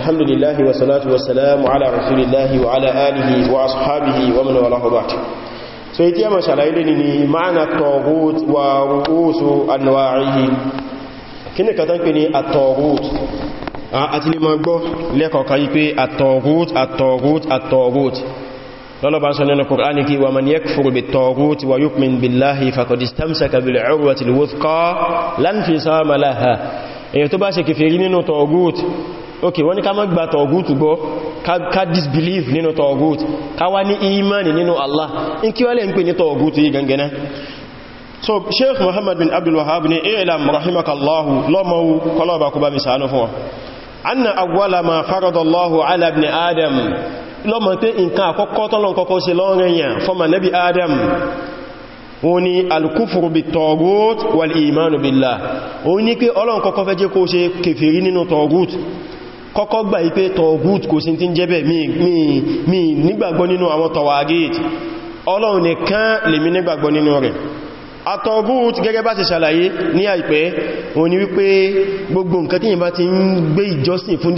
الحمد لله والصلاة والسلام على رسول الله وعلى آله وأصحابه ومن والاه بعد so iti ama ṣàlàyé ni ma'ana at-taghut wa ru'usu anwa'ihi kíni katan pè ní at-taghut àti ni ma gbọ́ leko kan yi pé at-taghut at-taghut at-taghut lọ́lọ́ bá sọ nínú Kùránì kí wa man yakfur bit-taghut wa yu'min billahi faqad istamsaka bil-'urwati al-wuthqa lan fisama laha èyí tó bá ṣe kìfèrí nínú taghut ok wọ́n ní ká má gba tọ̀gútù gbọ́ ká disbelieve nínú tọ̀gútù ká wá ní imani nínú Allah in kí wọ́n lè ń pè ní tọ̀gútù yí gangana so sheikh muhammad bin abdul Wahab ni ilam rahimakallahu lọ́mọ́wú kọlọ́ba kú bá mi sàánú fún wa anna awwala ma faradallahu ala bin adam lọ́mọ pé nǹkan àkọ́kọ́ tọ́lọ́n kọ́kọ́ ṣe lọ́rẹ̀yàn fọ́mà nabi adam wọ́n ni alkufuru bi wal imanu billah wọ́n ni pé ọlọ́n kọ́kọ́ fẹ́ jẹ́ kó ṣe kèfèrí kọ́kọ́ gbà ipé tọ̀gùt kò sí tí ń jẹ́bẹ̀ mi nígbàgbọ́ nínú àwọn tọ̀wàgìt ọlọ́run nìkan le nígbàgbọ́ nínú rẹ̀ àtọ̀gùt gẹ́gẹ́ bá ti ṣàlàyé ní àìpẹ́ wọ́n wípé gbogbo nǹkan tí yìnbá ti ń gbé ìjọsìn fún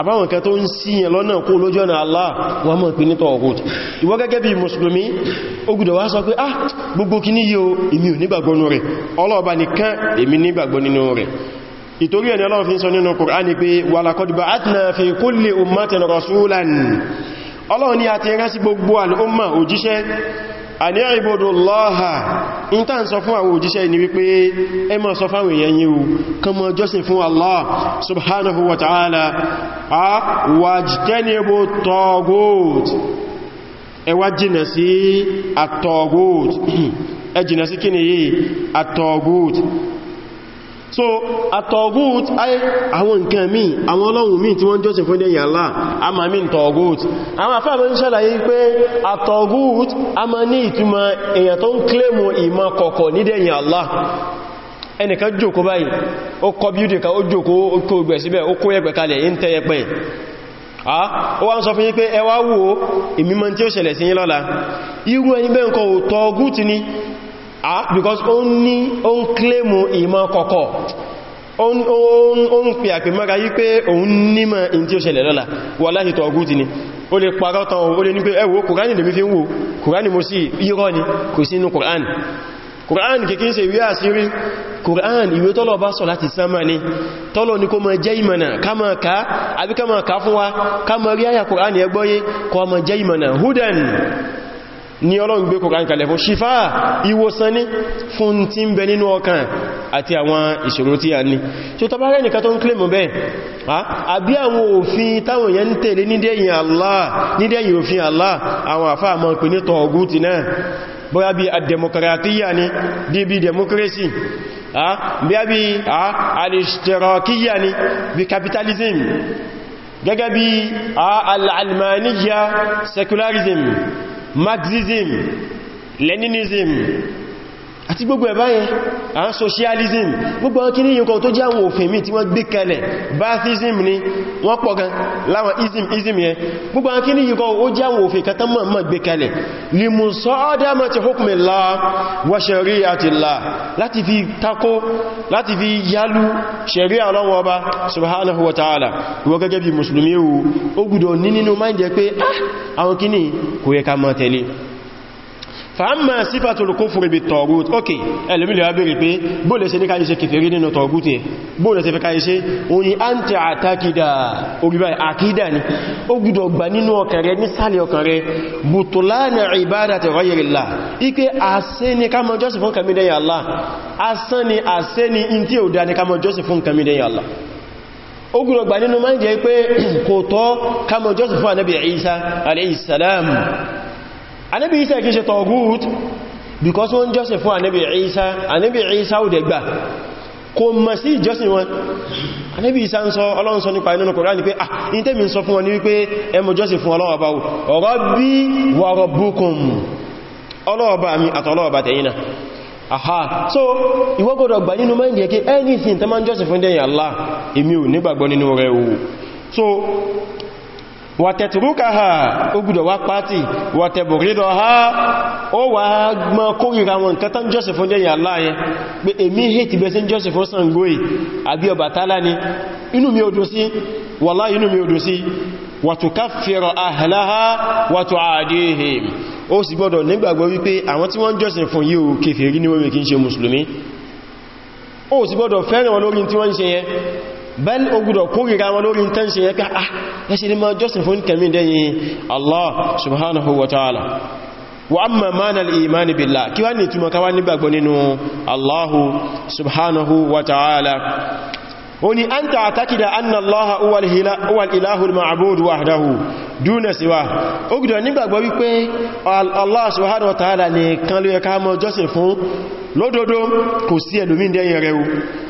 àbáwọn kan tó ń síyàn lọ́nà kó lójú ọ̀nà Allah wọ́n mọ̀ pé nítọ̀ ọ̀hútù ìwọ gẹ́gẹ́ bí mùsùlùmí ó gbọ́dọ̀ wá sọ pé ah gbogbo kí ní yíò èmi ò nígbàgbọ́ nínú rẹ̀ ọlọ́ọ̀bá nìkan èmi nígbàgbọ́ nínú rẹ̀ ìtorí ẹni Ọlọ́run fi ń sọ in ta n sọ fún àwọn òjíṣẹ́ ni wípé ẹ máa sọ fáwọn èèyàn yíò kan mọ́ jọ́sìn fún Allah subhanahu wa ta'ala a wajtanibu taghut ẹ wá jìnà sí at-taghut ẹ jìnà sí kí ni yìí at-taghut so àtọ̀gùt ayé àwọn nǹkan míì àwọn ọlọ́run míì tí wọ́n jọ́sìn fún ẹ̀yà Allah a ma mí tọ̀gùt àwọn afẹ́mọ́ ń ṣàlàyé pé àtọ̀gùt a ma ní ìtumọ̀ èyàn tó ń kílèmù ìmọ̀ kọ̀kọ̀ nídẹ̀yìn Allah ẹnìkan jòkó báyìí ó kọ bí ìdíkà ó jòkó ó kó ìgbẹ̀ síbẹ̀ ó kó ẹgbẹ̀ kalẹ̀ ń tẹ́yẹ pẹ̀ ó wá ń sọ fún yín pé ẹ wò ìmímọ̀ tí ó ṣẹlẹ̀ sí yín lọ́la irú ẹni bẹ́ẹ̀ nǹkan ò tọ́gùt ni ah because ó ní ó ń kílèmù ìmọ̀ kọ̀kọ̀ ó ń pè àpè mọ́ra yí pé òun nímọ̀ in tí ó ṣẹlẹ̀ lọ́la wàláhì tọ̀gútì ni O le parọ́ tán ó lè ní pé ẹ wò kùránì lè fi ń wò kùránì mo sí irọ́ ni kò sí inú kùránì kùránì kìí kìí ṣe ìwé àṣírí kùránì ìwé tọ́lọ̀ bá sọ láti sánmà ní tọ́lọ̀ ní ko mọ jẹ́ ìmọ̀nà ká mọ̀ ká àbí ká mọ̀ ká fún wa ká mọ̀ rí àyà kùránì ẹgbọ́yé kọ mọ̀ jẹ́ ìmọ̀nà hudan ní ọlọ́run gbé kòkàn kalẹ̀ fún ṣífà ìwòsàn ní fún tí ń bẹ nínú ọkàn àti àwọn ìṣòro tí a ní tí ó tàbárẹ́ nìkan tó ń kílèmù bẹ́ẹ̀ àbí àwọn òfin táwọn èèyàn ń tẹ̀lé nídẹ̀yìn Allah nídẹ̀yìn òfin Allah àwọn àfáà mọ̀ pè ní tọ̀ọ̀gútì náà bóyá bí àdẹmọkaratíyà ni bí democracy bí bí alìṣtẹ̀rọ̀kíyà ni bí capitalism gẹ́gẹ́ al'almaniya secularism Maksizm, Leninizm, àti gbogbo ẹ̀bá yẹn à ń socialism gbogbo ọkí ní nǹkan tó jẹ́ àwọn òfin mi tí wọ́n gbé kalẹ̀ Baathism ni wọ́n pọ̀ gan láwọn ism ism yẹn gbogbo ọkí ní nǹkan ó jẹ́ àwọn òfin kẹta mọ̀ mọ̀ gbé kalẹ̀ limusọ́ọ́dámọ́tí hukmillah wa shari'atillah láti fi takò láti fi yálù sharia Ọlọ́run Ọba subhanahu wa ta'ala wọ́n gẹ́gẹ́ bí mùsùlùmí ó gbọ́dọ̀ ní nínú máìndẹ̀ ah àwọn kíní kò mọ̀ tẹ̀lé fàámà sífàtòlù kún fúrì bí tọ̀gùt ok ẹlùmílẹ̀ wá bèèrè pé bóòlẹ̀ sí ní káyíṣẹ́ kèfèrí nínú tọ̀gùt yẹ bóòlẹ̀ sí fẹ́ káyíṣẹ́ oyin àntí àtàkìdà orílẹ̀ àkídà ni ó gbùdọ̀ gbà nínú ọkàn rẹ nísàlẹ̀ ọkàn rẹ bùtùlánà ni ká mọ jọ́sìn fún kàmí dẹ́yìn ni àṣẹ ni in tí ò dá ni ká mọ jọ́sìn fún kàmí dẹ́yìn Allah ó gbùdọ̀ gbà nínú máa ń anábi isa kìí ṣe tọ̀gùt because wọ́n jọ́sìn fún anábi isa anábi isa ó dẹ̀gbà kò mọ̀ sí ìjọsìn wọn anábi isa ń sọ ọlọ́run sọ nípa inú Kùránì pé ah in tẹ́mi sọ fún wọn ní wípé ẹ mọ̀ jọ́sìn fún ọlọ́run ọba Rabbi wa Rabbukum ọlọ́ọ̀bá mi àtọlọ́ọ̀bá tẹ̀yìnà aha so ìwọ gbọ́dọ̀ gbà nínú mind yẹ kí anything tẹ́ máa ń jọ́sìn fún Allah èmi ò nígbàgbọ́ nínú rẹ̀ so wàtẹ̀tùrúkàhà ó gùdọ̀ wá pàtì wàtẹ̀bùrídọ̀ ha ó wà gbọ́ kórìra wọn nǹkan tán jọ́sẹ̀ fún jẹ́yìn aláyẹ pé èmi hìtì bẹ́ sí jọ́sẹ̀ fún Ṣàngóì àbí Ọbàtálá ni inú mi odò sí wàlá inú mi odò sí wàtùkáfẹ́rọ àhàláhá wàtù àdéhìm ó sì gbọ́dọ̀ nígbàgbọ́ wípé àwọn tí wọ́n jọ́sẹ̀ fún yíò kèfèrí ni wọ́n kìí bẹ́l ogudọ̀ kórìíra wọn lórí tẹ́ǹsì yẹ́ pé ah ẹsẹ̀ ni ma jọ́sìn fún kẹmí dẹ́yìn Allah subhanahu wa ta'ala wa amma mana al'imani billah kí wá ní túnmọ̀ káwá nígbàgbọ́ nínú Allah subhanahu wa ta'ala ó ní an ta takida anna Allah huwal ilahul ma'bud wahdahu dúnà síwá ó gùdọ̀ nígbàgbọ́ wípé Allah subhanahu wa ta'ala nìkan ló yẹ ká mọ́ jọ́sìn fún lódodo kò sí ẹlòmí dẹ́yìn rẹ̀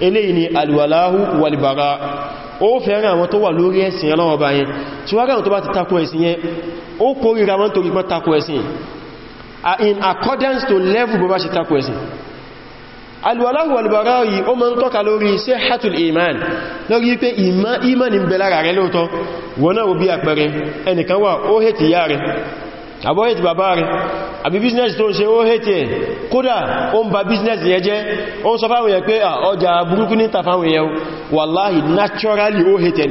eléyìí ni alwalahu walbara ó fẹ́ràn àwọn tó wà lórí ẹ̀sìn ọlọ́wọ́ bá yẹn tí wá ráwọn tó bá ti takò ẹ̀sìn yẹn ó kórìíra wọn torí pọ́n takò ẹ̀sìn in accordance to level bó bá ṣe takò ẹ̀sìn alwalahu walbara yìí ó máa ń tọ́ka lórí sihhatul iman lórí pé iman ń bẹ lára rẹ lóòtọ́ wọ́n náà bí àpẹẹrẹ ẹnìkan wà ó hẹ́tì yá rẹ̀ àbọ́ ètì bàbá rẹ̀ àbí business tó ń ṣe ó hẹ́tì ẹ̀ kódà ó ń ba business yẹ jẹ́ ó ń sọ fáwọn èèyàn pé ọjà burúkú ní tàfáwọn èèyàn wàláhì naturally ó hẹ́tì ẹ̀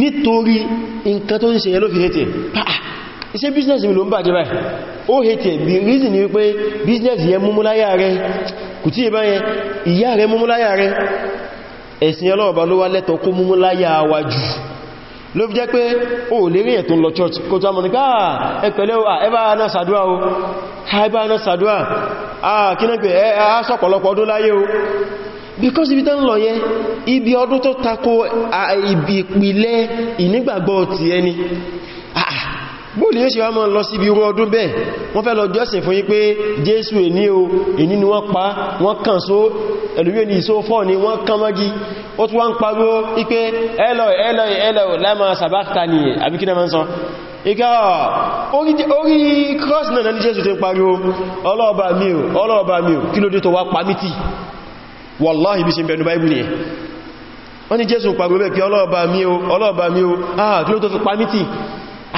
nítorí nǹkan tó ń yẹ ló fi hẹ́tì iṣẹ́ business mi ló ń bàjẹ́ báyìí ó hẹ́tì ẹ̀ ni ya ló fi jẹ́ pé o lè rí ẹ̀tún lọ church kò tó mọ̀ ní káà ah, ẹ̀pẹ̀lẹ́ o ah, ẹbá náà sàdúwà o ah, ẹbá náà sàdúwà àà kí náà pé ẹ sọ̀pọ̀lọpọ̀ ọdún láyé o because ibi tán lọ yẹ ibi ọdún tó tako ibi ìpìlẹ̀ ìnígbàgbọ́ ti ẹni bóòlì yóò ṣe wá mọ́ lọ sí ibi irú ọdún bẹ́ẹ̀ wọ́n fẹ́ lọ jọ́sìn fún yí pé jésù èní o èní ni wọ́n pa wọ́n kàn só ẹ̀lúwé ní ìsófọ́ ni wọ́n kàn mọ́gí ó tún wá ń pariwo ipé ẹlọ́ì ẹlọ́ì ẹlọ́ì lámà sàbákta ni àbíkínà máa ń sọ ikẹ́ orí cross náà ní jésù tó ń pariwo ọlọ́ọ̀bà mi ò ọlọ́ọ̀bà mi ò kí ló dé tó wá pàmítì wallahi bí ṣe bẹnu báibù ah kí ló tó fi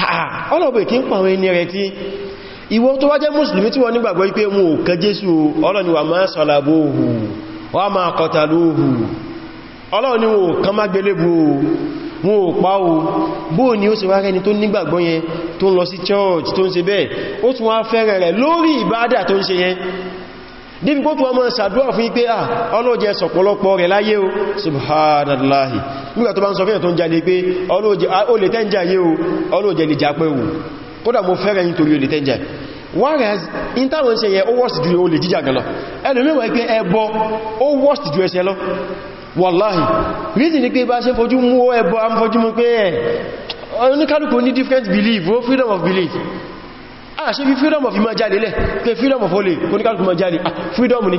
ah, ah ọlọ́ọ̀bà kí ń pàwọn ẹni rẹ̀ tí ìwọ tó wá jẹ́ mùsùlùmí tí wọ́n nígbàgbọ́ ipé mú ọlọ́run ni wọn kan má gbélébù wọn ò pa o bó ní ó sì wá rẹni tó nígbàgbọ́ yẹn tó ń lọ sí church tó ń ṣe bẹ́ẹ̀ ó tún wá fẹ́rẹ̀ rẹ̀ lórí ìbádà tó ń ṣe yẹn níbi kó tún wọ́n mọ́ sàdúrà fún ipé à ah, ọlọ́jẹ́ sọ̀pọ̀lọpọ̀ rẹ̀ láyé o subhanallahi nígbà tó bá ń sọ fíyàn tó ń jalè pé ah, o ọlọ́jẹ́ lè jápẹ́ o olè tẹ́njà Wallahi, wàláhì rízi ní pé bá ṣe fojú mú ẹbọ am fojú mú pé ẹ̀ oníkálùkù ní different belief o freedom of belief a ṣe fi freedom of ìmọ̀ jáde lẹ̀ pé freedom of olè oníkálùkù mọ̀ jáde ah, freedom ni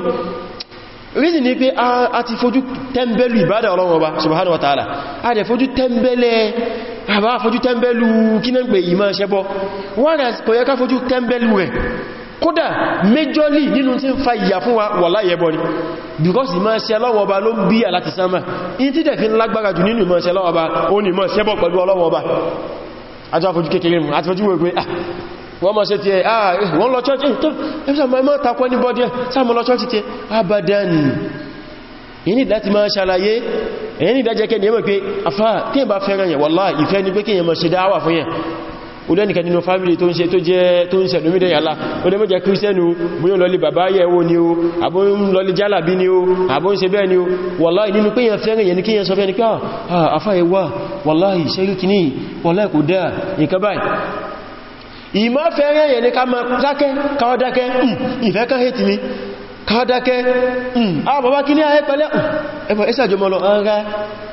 rízi ní pé a ti fojú tẹ́mbẹ̀lú ìbádà ọlọ́run ọba subhanahu wa ta'ala a dẹ̀ fojú tẹ́mbẹ̀lẹ̀ àbá fojú tembelu. kí náà pè ìmọ̀ ṣẹbọ wọ́n rẹ̀ kò yẹ ká fojú tẹ́mbẹ̀lú rẹ̀ kódà méjọ́lì nínú tí ń fa ìyà fún wa wà láyé bọ́ ni because ìmọ̀ ṣe ọlọ́wọ́ ọba ló ń bí àláti sánmà in tí dẹ̀ fi ń lágbára jù nínú ìmọ̀ ṣe ọlọ́wọ́ ọba ó ní ìmọ̀ ṣẹ́bọ̀ pẹ̀lú ọlọ́wọ́ ọba àjọ àfojú kékeré mú àti fojú wègbé ah, wọ́n mọ̀ ti ah, church eh, tó abadan ìní láti máa ṣàlàyé ẹ̀yìn ìdájẹ́kẹ́ ni ẹmọ̀ pé afá tí ẹ bá fẹ́ràn yẹn wallahi ìfẹ́ ni pé kí èyàn ṣe dáwà fún yẹn olẹ́nìkan nínú fámílì tó ń ṣe tó jẹ́ tó ń sẹ̀lú mídẹ̀ yàlá olẹ́mọ́jẹ́ kírísẹ́nù bóyọ́ lọlé bàbá yẹ̀wò ni o àbó ń lọlé jálàbí ni o àbó ń ṣe bẹ́ẹ̀ ni o wàláì nínú pé ni kí yẹn sọ fẹ́ ni pé ah, ah, àfáyẹwà wàláì ṣẹ́rí kìíní wàláì kò dáa ni ká máa dákẹ́ hmm, hmm, ah bàbá kí ní ayẹ́ pẹ̀lẹ́ hmm, ẹ̀fọ̀ ẹ̀sàjọmọ́ lọ ara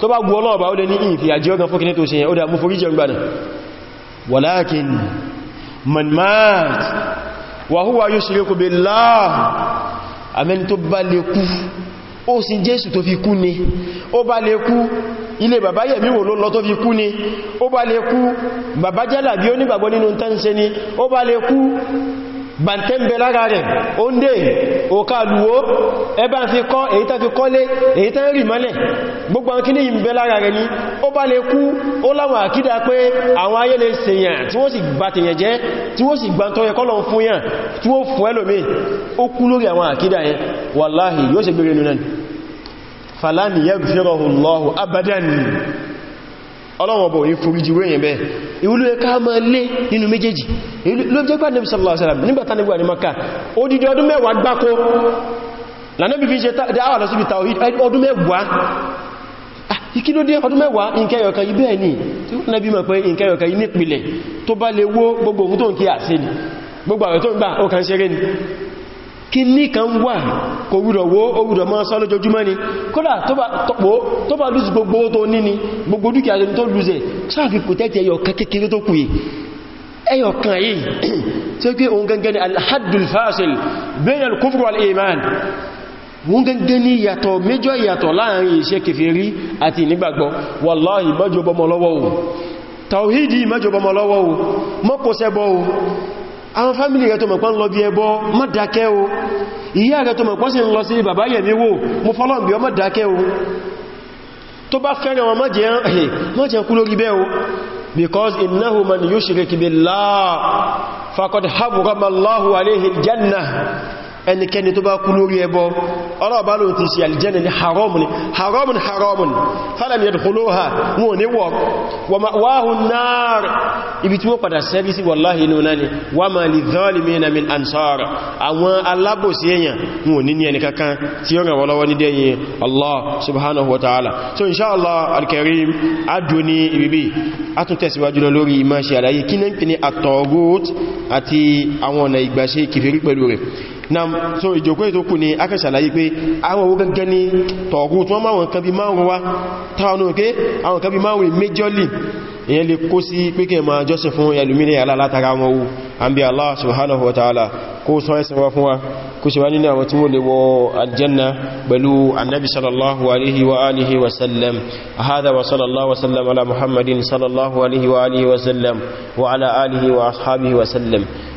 tó bá gbọ́ ọlọ́ọ̀bá ó lè ní ìfì àjíọ́gan fún kìní tó ṣe yẹn ó dá mú forí jẹun gbàdà walakin man mat wa huwa yushriku billah amẹ́ni tó bá lè kú ó sì jésù tó fi kú ni ó bá lè kú ilé bàbá yẹ̀mí wò ló lọ tó ni ó nígbàgbọ́ nínú tán ni ó bá lè kú bàntẹ́m̀bẹ̀ lára rẹ̀ oúnjẹ òkà lùwó ẹbá fi kọ́ èyí tán fi kọ́lé èyí tán rì mọ́lẹ̀ gbogbo àwọn kíní ìbẹ̀ lára rẹ̀ ní ó bá lè kú ó láwọn àkídà pé àwọn ayé lè sèyàn tí wọ́n sì gbà tèyàn jẹ́ tí wọ́n sì gbà tọ́ yẹ kọ́lọ̀ fún yàn tí wọ́n fún ẹlòmí ó kú lórí àwọn àkídà yẹn wàláhì Allahu abadan ọlọ́wọ̀n bọ̀ yí foríjì wéyìn bẹ́ ìwúlú ẹka ma lé nínú méjèèjì ló jẹ́ pàdé sallallahu alaihi wasallam nígbàtà nígbà ní maka odidi ọdún mẹ́wàá gbákó lànàbí fi ṣe dáwà lọ síbi tàwí ọdún mẹ́wàá ìkílódé ah, ọdún mẹ́wàá ìkẹyọ̀kan ibẹ́ ẹni tí wọ́n nẹ́bí mọ̀ pé ìkẹyọ̀kan ní ìpìlẹ̀ tó bá lè wó gbogbo ohun tó àwẹ̀ tó ń gbà ó kàn ṣeré ni kíní kan wà kò wúrọ̀ wó ó wúrọ̀ mọ́ sọ lójoojúmọ́ ni kódà tó bá lùsù gbogbo tó níní gbogbo dúkìá tó tó lùsẹ̀ sáàfi kò tẹ́tẹ̀ ẹyọkan kékeré tó kù ẹyọkan yìí tí ó pé ohun gangan ni alhaddul fasil bain al-kufr wal-iman wọ́n gẹ́gẹ́ ní ìyàtọ̀ méjọ àwọn fámílì rẹ̀ tó mọ̀ pán lọ bí ẹbọ má dákẹ́ o ìyá rẹ̀ tó mọ̀ pán sí lọ sí bàbá yẹ̀mí wò mú fọ́lọ́n bí ọ má dákẹ́ o tó bá fẹ́rẹ̀ wọn má kú lórí bẹ́ o because innahu man yushrik billah faqad harrama Allahu alayhi al-jannah ẹnikẹni tó bá kú lórí ẹbọ ọlọ́ọ̀bá ló ti ṣe aljanna ni haramun haramun haramun falam yadkhuluha wọn ni wọ wa ma'wahun nar ibi tí wọ́n padà sẹ́rí sí wallahi inú náà ni wa ma lidhalimina min ansar àwọn alábòsí èèyàn wọn ní ní ẹnikankan tí ó rẹ̀wọ́ lọ́wọ́ ní dẹ́yìn Allah subhanahu wa ta'ala so inshallah alkarim adúní ibibi a tún tẹ̀síwájú lórí ìmáṣe àlàyé kí ní pè ní àti àwọn ọ̀nà ìgbàṣe kìfèrí pẹ̀lú rẹ̀ na so ìjòkó ètò kù ni a kẹ́ ṣàlàyé pé àwọn owó gẹ́gẹ́ ní tọ̀ọ̀gùn tí wọ́n máa wọn kan bí márùn wá táwọn òkè àwọn kan bí márùn méjọ́lì èyàn lè kó sí pé kí ma jọ́sìn fún ẹlùmínì alálátara wọn wú an bí Allah subhanahu wa ta'ala kó sọ ẹsẹ̀ wa fún wa kó ṣe wá nínú àwọn tí wọ́n lè wọ aljanna pẹ̀lú